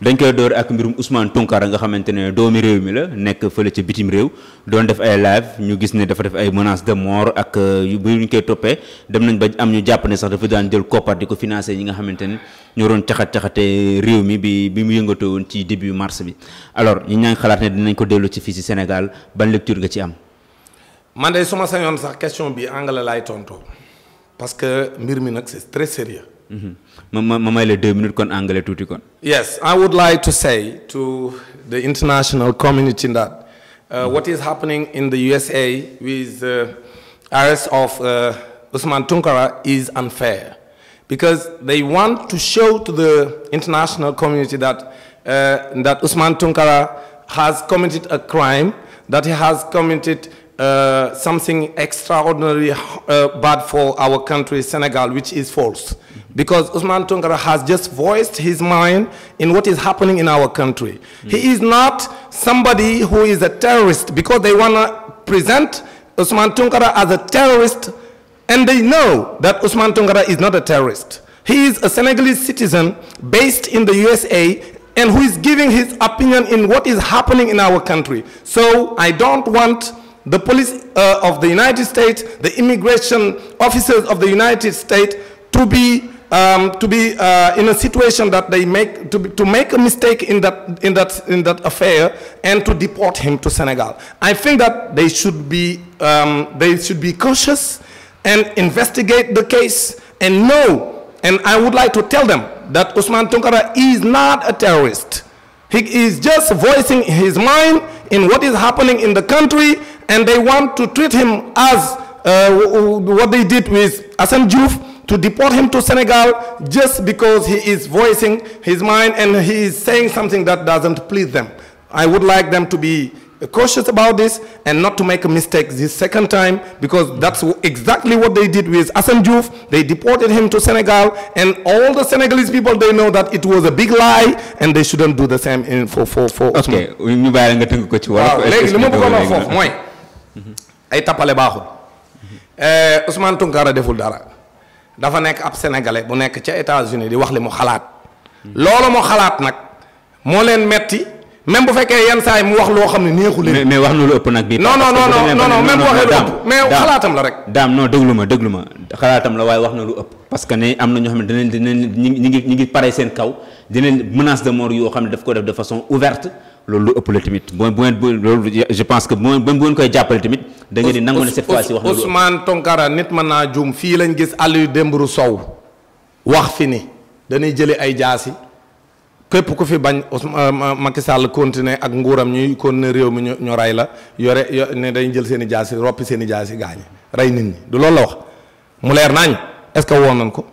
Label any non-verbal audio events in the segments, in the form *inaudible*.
dañ koy door ak mbirum Ousmane Tounkara nga xamante ne doomi réew mi la nekk fële ca bitim réew doon def ay live ñu gis ne dafa def ay menaces de mort ak bu euh, ñu koy toppee dem nañ ba am ñu jàpp ne sax dafa daan jël koppar di ko financé ñi nga xamante ne ñoo doon caxat-caxate réew mi bi bi mu yëngatoo woon ci début mars bi alors ñi ñan xalaat ne dinañ ko dellu ci fii ci Sénégal ban lecture nga ci am man de su ma sañoon sax question bi anglais laay tontoo parce que mbir mi nag c'est très Mm-hmm. ma ma may kon anglais tuuti kon. yes I would like to say to the international community that uh, mm-hmm. what is happening in the USA with uh, arrest of uh, Usman Tunkara is unfair because they want to show the international community uh, that Usman Tunkara has committed a crime that he has committed something extraordinarily bad for our country Senegal which is false. because Usman Tunkara has just voiced his mind in what is happening in our country. Mm. He hmm. is not somebody who is a terrorist because they want to present Usman Tunkara as a terrorist and they know that Usman Tunkara is not a terrorist. He is a Senegalese citizen based in the USA and who is giving his opinion in what is happening in our country. So I don't want the police uh, of the United States, the immigration officers of the United States to be um, to be uh, in a situation that they make to, be, to make a mistake in that in that in that affair and to deport him to Senegal. I think that they should be um, they should be cautious and investigate the case and know. And I would like to tell them that Usman Tunkara is not a terrorist. He is just voicing his mind in what is happening in the country, and they want to treat him as uh, what they did with Assam Diouf to deport him to Senegal just because he is voicing his mind and he is saying something that doesn't please them. I would like them to be cautious about this and not to make mistake this second time because that's exactly what they did with Assam They deported him to Senegal and all the Senegalese people, they know that it was a big lie and they shouldn't do the same for for for tappale baaxul. Eh, Ousmane Tounkara deful dafa nekk ab sénégalais bu nekk ca États-Unis di wax li mu xalaat loolu mu xalaat nag moo leen metti même bu fekkee yenn saa yi mu wax loo xam ne neexu leen. mais wax na lu ëpp nag bii. non non non non non même bu xalaatam la rek. daam non déglu ma déglu ma xalaatam la waaye wax na lu ëpp. parce que ne am na ñoo xam ne dinañ dinañ ñi ngi ñi ngi pare seen kaw dinañ menace de mort yoo xam ne daf ko def de façon ouverte. loolu lu ëpp la tamit bu bu ngeen loolu je pense que bu ngeen bu ngeen koy jàppale tamit. da di nangu ne cette fois ci wax na Ousmane Tonkara nit mën naa juum fii lañ gis Aliou Dembourou Sow wax fi ni dañuy jëlee ay jaasi képp ku fi bañ euh, Macky Sall continuer ak nguuram ñuy continuer réew mi ñu rey la yore ne dañ jël seen i jaasi roppi seeni jaasi gaañe ray nit ñi du loolu la wax mu leer nañ est-ce que woon nañ ko.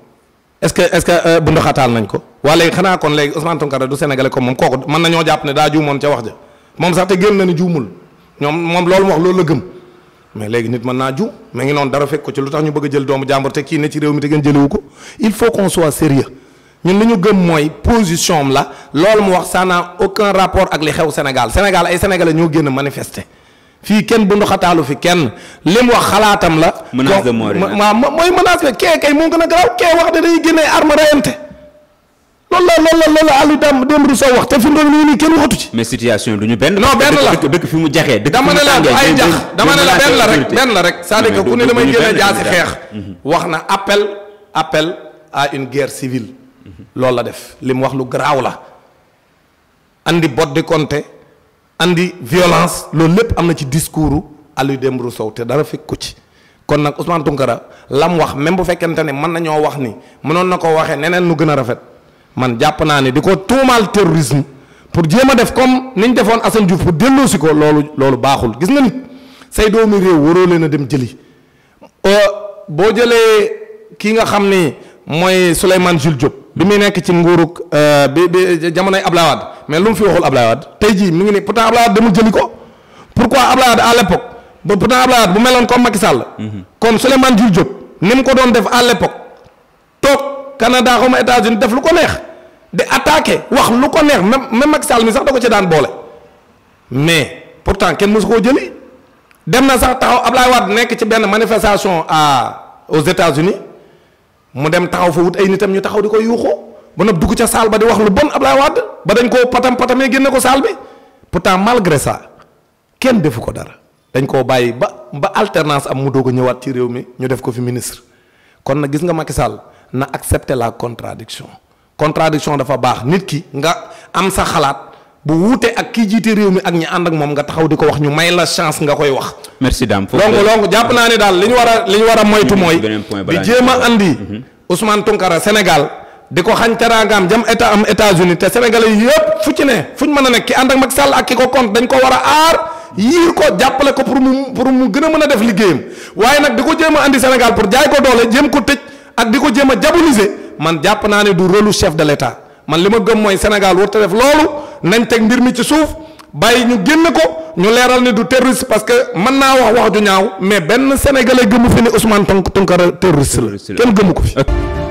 est-ce que est-ce que euh, bu ndoxataal nañ ko waa léegi xanaa kon léegi Ousmane Tounkara du sénégalais comme moom kooku mën nañoo jàpp ne daa juumoon ca wax ja moom sax te gën na ni juumul ñoom moom loolu wax loolu la gëm mais léegi nit mën naa juum mais ngi noonu dara fekk ko ci lu tax ñu bëgg jël doomu jàmbur te kii ne ci réew mi te gën jëlewu ko il faut qu'on soit sérieux ñun li gëm mooy position la loolu mu wax ça n'a rapport ak li xew Sénégal Sénégal ay sénégalais ñoo génn manifester fii kenn bu ndoxataalu fi kenn li wax xalaatam la. menace de mort waaw mooy menace la kee kay moo gën a garaaw kee wax da dañuy génnee arme rayante loolu la loolu la loolu la Aliou Dame wax te fi mu ne nii kenn waxatu ci. mais situation du ñu benn. non benn la dëkk mu jaxee. dëkk dama ne la du ay benn la rek benn la ku ne damay génne jaasi xeex. Mhm. wax na appel appel à une guerre civile. Mhm. loolu la def li wax lu garaaw la. andi bot di compter. andi violence loolu lépp am na ci discours Aliou Dembourou Sow te dara fekk ko ci kon nag Ousmane Tounkara lam wax même bu fekkente ne mën nañoo wax ni mënoon na ko waxee neneen nu gën a rafet man jàpp naa ne di ko tuumaal terrorisme pour jéem a def comme niñ defoon Assane Diouf pour delloosi ko loolu loolu baaxul gis nga nit say doomi réew waroo leen a dem jëli euh, boo jëlee kii nga xam ni mooy Souleymane Jules Diop. bi muy nekk ci nguurug euh, bi bi jamonoy Ablaye Wade mais lu mu fi waxul Ablaye Wade tey jii mu ngi ni pourtant Ablaye Wade demul jëli ko pourquoi Ablaye Wade à l'époque ba pourtant Ablaye Wade bu meloon comme Macky Sall. Mhm. kon Souleymane Jules Diop ni mu ko doon def à l'époque toog Canada xaw ma états def lu ko neex di attaqué wax lu ko neex même même Macky Sall mi sax da ko ci daan boole mais pour pourtant kenn mosu koo jëli dem na sax taxaw Ablaye Wade nekk ci benn manifestation à aux états mu dem taxaw fa wut ay nitam ñu taxaw di koy yuuxoo ba nag dugg ca saal ba di wax lu bon Ablaye Wade ba dañ koo patam patamee génne ko saal bi pourtant malgré ça kenn defu ko dara dañ koo bàyyi ba ba alternance am mu doog a ñëwaat ci réew mi ñu def ko fi ministre kon na gis nga Macky Sall na accepter la contradiction contradiction dafa baax nit ki nga am sa xalaat bu wute ak kii jiitee réew mi ak ñi ànd ak moom nga taxaw di ko wax ñu may la chance nga koy wax. merci Dame foofu donc jàpp naa ne daal li ñu war a li ñu war a moytu mooy. di jéem a andi. Mhm. Ousmane Tounkara Sénégal. di ko xañ teraangaam jëm état am États-Unis te sénégalais yëpp fu ci ne fu ñu mën a nekk ki ànd ak Macky Sall ak ki ko compte dañ ko war a aar. yiir ko jàppale ko pour mu pour mu gën a mën a def liggéeyam waaye nag di ko jéem indi andi Sénégal pour jaay ko doole jëm ko tëj ak di ko jéem a diaboliser man jàpp naa ne du rôle chef de l' man li ma gëm mooy Sénégal warut a nañ teg mbir mi ci suuf bàyyi ñu génn ko ñu leeral ni du terroriste parce que mën naa wax wax ju ñaaw mais benn sénégalais gëmu fi ni Ousmane Tounkara terroriste la kenn gëmu ko fi *laughs*